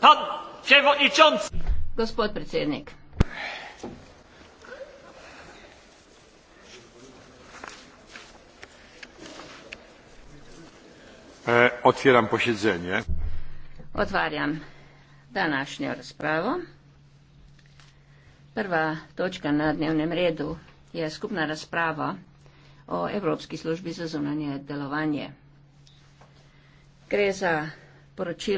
Pan przewodniczący! Gospod predsednik. E, otvieram posiedzenie. Otwaram današnjo razpravo. Prva točka na dnevnem redu je skupna razprava o Evropski službi za zunanje delovanje. Gre za poročilo.